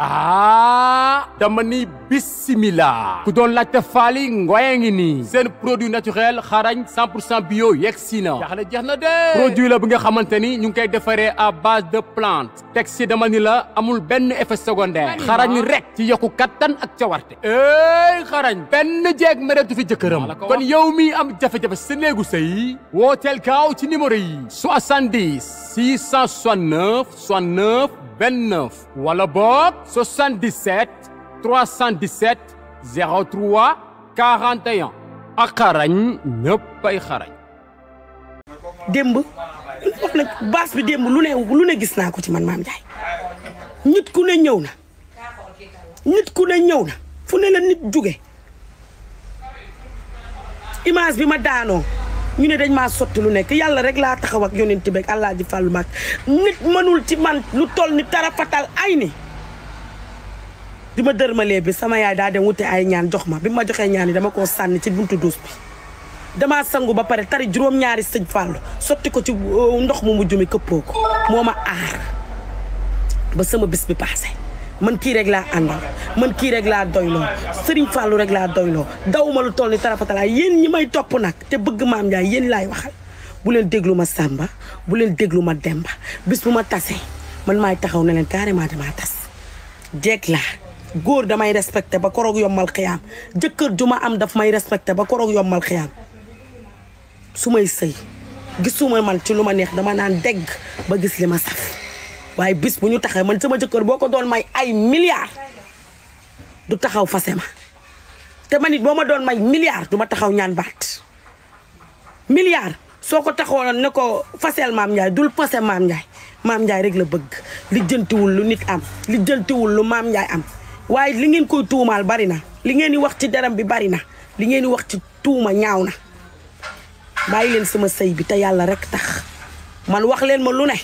ah dama ni bisimila ku doon laajte faali ngoye ngi nii seen produi naturel xarañ 100 pour cent bio yegg si na jaaxle na de la bi nga xamante ni ñu ngi koy defaree à base de plante teg si dama ni la amul benn effet secondaire xarañ rek ci yokku kattan ak cawarte éy xarañ benn jeeg meretu fi jëkkëram kon yow mi am jafe-jafe sa néegu sëy wooteel kaaw ci numéro yi 70 669 69 29 wala boog 77 317 03 41 ak xarañ ñëpp ay xarañ. démb baas bi démb lu ne lu gis naa ko ci man maam Ndiaye nit ku ne ñëw na nit ku ne ñëw na fu ne la nit jóge image bi ma daanoo ñu ne dañ maa sotti lu nekk yàlla rek laa taxaw ak yonent bi allah ji fàllu mag nit mënul ci man lu toll ni tarafatal ay ni bi ma dërmalee bi sama yaay daa dem wute ay ñaan jox ma bi ma joxee ñaan yi dama koo sànni ci buntu duus bi damaa sangu ba pare tari juróom-ñaari sëñ fàllu sotti ko ci euh, ndox mu mujj mi këppoo ko moo ma aar ba sama bis bi paase man kii rek laa àndal man kii rek laa doyloo sëriñ fàllu rek laa doyloo dawuma lu toll ni tarafatalaay yéen ñi may topp nag te bëgg maam Ndiaye yéen laay waxal bu leen déglu ma Samba bu leen déglu ma Demba bis bu ma tasee man maay taxaw ne leen carrément damaa góor damay respecté ba koroog yommal am jëkkër ju ma am daf may respecté ba koroog yommal xiyaam su may sëy gisuma man ci lu ma neex dama naan dégg ba gis li ma saf waaye bis bu ñu taxee man sama jëkkër boo ko doon may ay milliards du taxaw fase ma te ma it boo ma doon may milliards du ma taxaw ñaan baat milliards soo ko taxawoon ne ko faseel maam Ndiaye dul posé maam Ndiaye maam Ndiaye rek la bëgg li lu nit am li jëntiwul lu maam Ndiaye am waaye li ngeen koy tuumaal bari na li ngeen di wax ci deram bi bari na li ngeen di wax ci tuuma ñaaw na bàyyi leen sama sey bi te yàlla rek tax man wax leen ma lu ne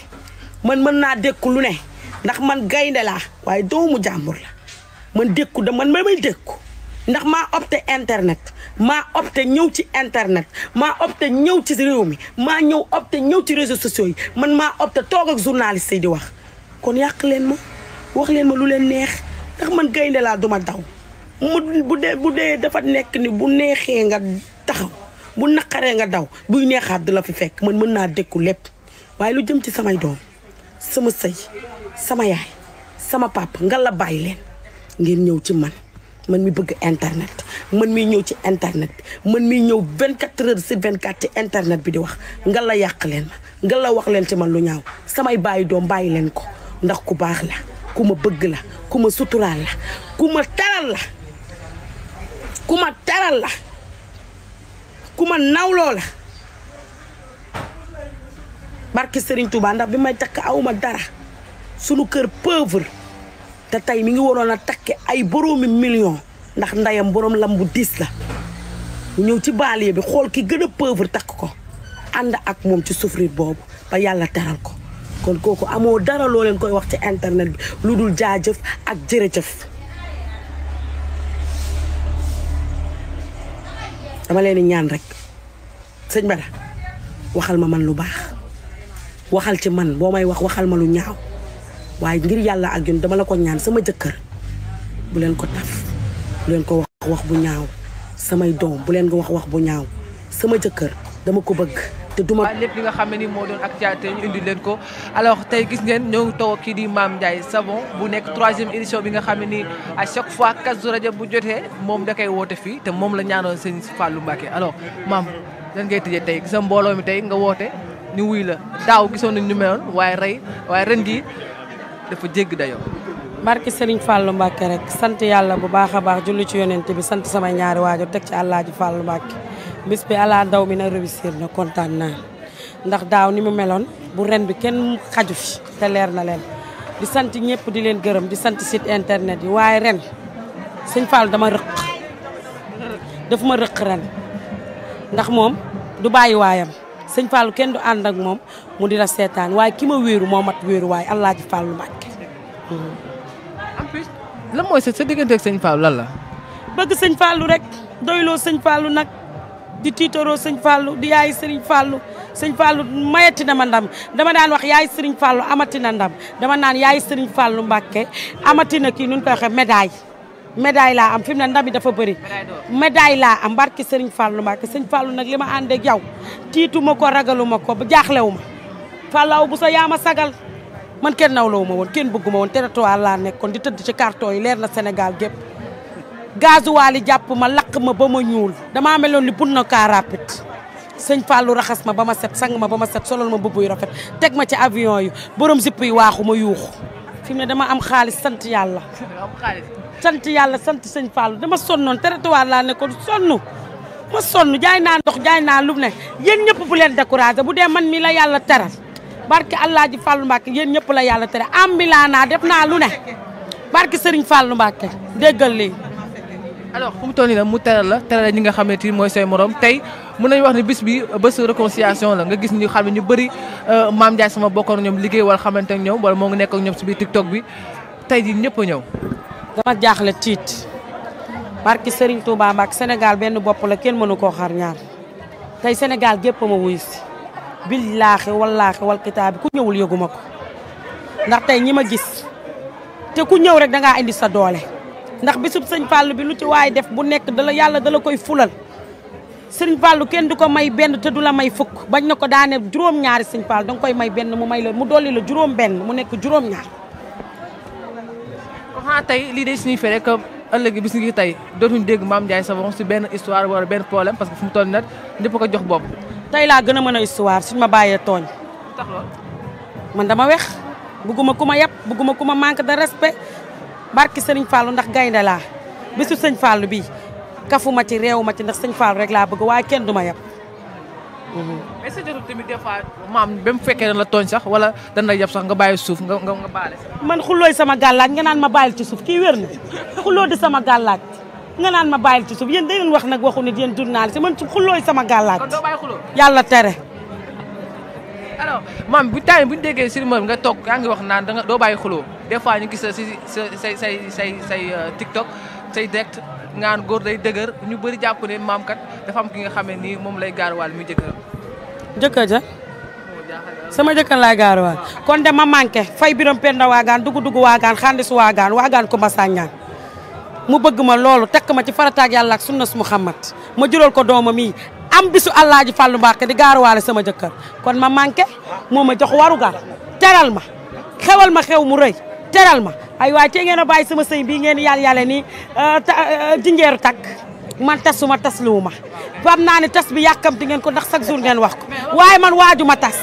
man mën naa dékku lu ne ndax man gaynde laa waaye doomu jàmbur la man dékku da man ma may dékku ndax maa opté internet maa opté ñëw ci internet maa opté ñëw ci réew mi maa ñëw opté ñëw ci réseau sociaux yi man maa opté toog ak journaliste sey di wax kon yàq leen ma wax leen ma lu leen neex ndax man gaynde laa duma daw mu bu dee bu dee dafa nekk ni bu neexee nga taxaw bu naqaree nga daw buy neexaat du la fi fekk man mën naa dékku lépp waaye lu jëm ci samay doom sama sëy sama yaay sama papa nga la bàyyi leen ngeen ñëw ci man man mi bëgg internet man mi ñëw ci internet bi man mi ñëw 24 heures sur 24 ci internet bi di wax nga la yàq leen ma nga la wax leen ci man lu ñaaw samay bàyyi doom bàyyi leen ko ndax ku baax la ku ma bëgg la kuma ma suturaal la ku ma taral la ku ma taral la ku ma nawloo la barki sëriñ Touba ndax bi may takk awma dara sunu kër pauvre te tey mi ngi waroon a takk ay boroomi million ndax ndeyam boroom lam bu diis la mu ci banlieue bi xool ki gën a takk ko ànd ak moom ci souffrir boobu ba yàlla teral ko kon kooku amoo dara loo leen koy wax ci internet bi lu dul jaajëf ak jërëjëf dama leen ñaan rek sëñ Bada waxal ma man lu baax waxal ci man boo may wax waxal ma lu ñaaw waaye ngir yàlla ak yoon dama la ko ñaan sama jëkkër bu leen ko taf leen ko wax wax bu ñaaw samay doom bu leen ko wax wax bu ñaaw sama jëkkër dama ko bëgg te duma lépp li nga xam ne ni moo doon actualité ñu indi leen ko alors tey gis ngeen ñoo ngi kii di Mame Ndiaye Savon bu nekk troisième édition bi nga xam ne ni à chaque fois Kazu Rajab bu jotee moom da koy woote fii te moom la ñaanoon sëñ Fallou Mbacké alors maam lan ngay tëjee tey gis mbooloo mi tey nga woote ni wuy la daaw gisoon nañ ñu meloon waaye rey waaye ren gi dafa jégg dayoo barke Serigne Fallou Mbacké rek sant yàlla bu baax a baax julli ci yonent bi sant samay ñaari waajur teg ci Àllaaji Fallou Mbacké bis bi ala ndaw mi nag réussir na kontaan naa ndax daaw ni mu meloon bu ren bi kenn xaju fi te leer na leen di sant ñëpp di leen gërëm di sant site internet yi waaye ren sëñ Fall dama rëq daf ma rëq ren ndax moom du bàyyi waayam sëñ Fall kenn du ànd ak moom mu di la seetaan waaye ki ma wéeru moo mat wéeru waaye allah ji Fall Mbàkke en plus lan mooy sa sa diggante ak sëñ la bëgg sëñ Fallu rek doyloo sëñ Fallu nag di tiitaroo sëñ Fallou di yaay sëriñ Fallou sëñ Fallou mayati na ma ndam dama daan wax yaay sëriñ Fallou amati na ndam dama naan yaay sëriñ Fallou Mbacké amati na kii nu ñu koy waxee médaille. médaille laa am fi mu ne ndam yi dafa bëri médaille laa am barki sëriñ fallu Mbacké sëñ Fallou nag li ma ànd ak yow tiituma ko ragaluma ko ba jaaxlewu ma Fallou bu sa yaa ma sagal man kenn nawloo ma woon kenn bëgguma woon territoire laa nekkoon di tëdd ci carton yi leer na Sénégal gépp gazuwaali jàpp ma lakk ma ba ma ñuul damaa meloon ni bun na kaa rapide sëñ Fallou raxas ma ba ma set sang ma ba ma set solol ma mbubb yu rafet teg ma ci avion yu borom zipp yi waaxu ma yuuxu fi mu ne dama am xaalis sant yàlla sant yàlla sant sëñ Fallou dama sonnoon territoire laa nekkoon sonn ma sonn jaay naa ndox jaay naa lu ne yen ñëpp bu leen découragé bu dee man mi la yàlla teral barke Alaaji Fallou Mbacke yéen ñëpp la yàlla teral am bi laa naa def naa lu ne barke Serigne Fallou Mbacke déggal alors fu mu yi nii mu teral la teral ñi nga xam ne ti mooy say morom tey mën nañu wax ni bis bi bés réconciliation la nga gis ñu xam ne ñu bari euh, Mame Ndiaye sama bokkoon ñoom liggéey wala xamante ak ñoom wala moo ngi nekk ak ñoom si tey ji ñëpp a ñëw. dama jaaxle tiit barki Serigne Touba Mbacke Sénégal benn bopp la kenn mënu koo xar ñaar tey Sénégal gépp ma wuyu si billaahi wallaahi wal kitaabi ku ñëwul yëguma ko ndax tey ñi ma gis te ku ñëw rek dangaa indi sa doole. ndax bisub sëñ Fallou bi lu ci waaye def bu nekk dala yàlla dala koy fulal sëñ Fallou kenn du ko may benn te du la may fukk bañ ne ko daane juróom-ñaari sëñ Fallou danga koy may benn mu may la mu dolli la juróom-benn mu nekk juróom-ñaar. waxaa tey lii day signifié rek ëllëg bis ngi tey dootuñu dégg Mame sa Savon si benn histoire wala benn problème parce que fumu mu toll nag ñëpp ko jox bopp. tey laa gën a mën a histoire suñ ma bàyyee tooñ. tax lool man dama ku ma yàpp bugguma ku ma manque de barki sëriñ Fallou ndax gaynde laa bisu sëñ Fallou bi kafu ma ci réew ma ci ndax sëñ Fallou rek laa bëgg waaye kenn du ma yab. mais sa jotul tamit des fois maam ba mu fekkee la tooñ sax wala dan lay yab sax nga bàyyi suuf nga nga baale. man xullooy sama gàllaaj nga naan ma bàyyil ci suuf kii wér na sama gàllaaj nga ma bàyyil ci suuf yéen da ngeen wax nag waxu nit yéen journaliste man xullooy sama gàllaaj. kon doo bàyyi xuloo yàlla tere. alors maam bu temps bu ñu déggee si nga toog yaa ngi wax naan danga doo bàyyi xuloo des fois ñu gis si say say say say euh, TikTok say direct ngaan góor day dëgër ñu bëri jàpp ne maam kat dafa am ki nga xam nii moom lay gaarwaal muy jëkkëram. jëkkër ja oh, sama jëkkër laa gaarwaal kon de ma manqué fay biram penda waagaan dugu dugu waagaan su waagaan waagaan ko ma sàññaan mu bëgg ma loolu tekk ma ci farataag yàlla ak sunna su Muhammad ma jural ko doomam i am bisu Allaaji Fàllu Mbàkke di gaaruwaale sama jëkkër kon ma manqué moo ma jox warugar teral ma xewal ma xew mu rëy teral ma ay waay tey ngeen a bàyyi sama sëy bii ngeen yàlla yàlla ni euh, euh, jinjeeru takk man ma tas liwu ma fam naa ne tas bi yàkkamti ngeen ko ndax chaque jour ngeen wax ko waaye man waaju ma tas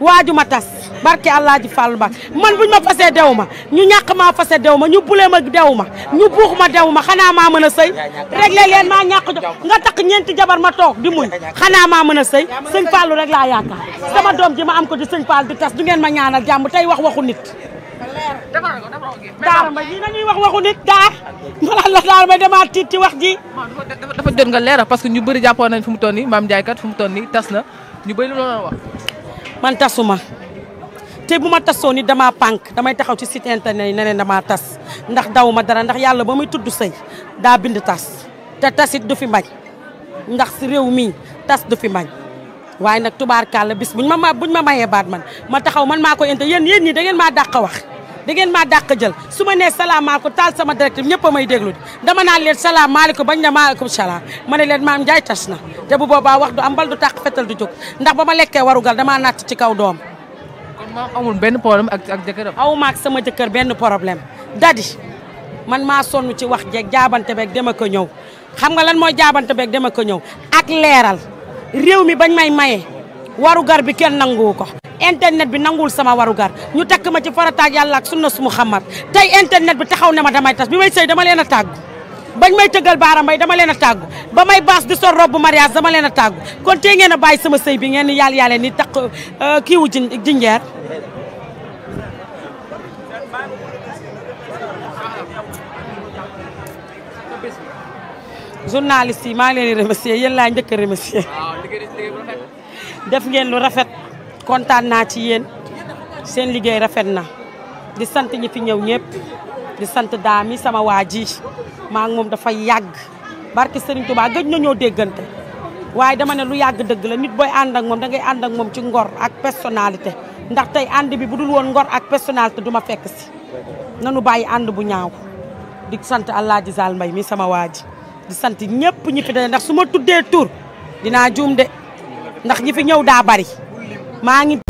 waaju ma tas barke allah ji fàllu ba man buñ ma fasee dew ma ñu ñàkk maa fase dew ma ñu bulee ma dew ma ñu buux ma dew ma xanaa maa mën a sëy réglé leen maa ñàkk jox nga takk ñeenti jabar ma toog di muñ xanaa maa mën a sëy sëñ Fallou rek laa yaakaar sama doom ji ma am ko di sëñ Fallou tas du ngeen ma ñaanal jàmm tey wax waxu nit daara ma ñi nañuy wax waxu nit daar manaan la daar ma demaat tiit ci wax ji dafa jot nga leeral parce que ñu bëri jàppoon nañ fu mu toll nii maam Ndiaye kat fu mu toll nii tas na ñu bëri na loolu wax man tasuma te bu ma tasoo ni damaa pànk damay taxaw ci site internet yi ne leen tas ndax daw ma dara ndax yàlla ba muy tudd sëy daa bind tas te tasit du fi mbañ ndax si réew mii tas du fi mbañ waaye nag tubaarkàlla bis buñ ma ma buñ ma mayee baat man ma taxaw man maa ko inte yéen yéen ñi da ngeen maa dàq wax da ngeen maa dàq jël su ma nee salaamaaleykum taal sama directive ñëpp may déglu dama naan leen salaamaaleykum bañ na maaleykum salaam ma ne leen maam Ndiaye na te bu boobaa wax du am bal du tàq fetal du jóg ndax ba ma lekkee warugal damaa natt ci kaw doom. kon maam amul benn problème ak ak ak sama jëkkër benn problème dadi man maa sonn ci wax jeeg jaabante beeg dama ko ñëw xam nga lan mooy jaabante beeg dama ko ñëw ak leeral réew mi bañ may maye warugar bi kenn nanguwu ko. internet bi nangul sama warugar ñu takk ma ci farataag yàlla ak sunna su Muhammad tey internet bi taxaw ne ma damay tas bi may sëy dama leen a tàggu bañ may tëggal baara mbay dama leen a tàggu ba may baas di sol robe mariage dama leen a tàggu kon tey ngeen a bàyyi sama say bi ngeen ni yàlla yàlla ni takk euh, kiiwu jinjeer journaliste yi maa ngi leen di remercier yéen laa njëkk a remercier def ngeen lu rafet kontaan naa ci yéen seen liggéey rafet na di sant ñi fi ñëw ñëpp di sant daa mi sama waa ji maa ngi moom dafay yàgg barke Serigne Touba gëj na ñoo déggante waaye dama ne lu yàgg dëgg la nit booy ànd ak moom da ngay ànd ak moom ci ngor ak personnalité ndax tey ànd bi bu dul woon ngor ak personnalité du ma fekk si nanu bàyyi ànd bu ñaaw di sant allah ji sal mbay mi sama waaji ji di sant ñëpp ñi fi daje ndax su ma tuddee tur dinaa juum de ndax ñi fi ñëw daa bari maa ngi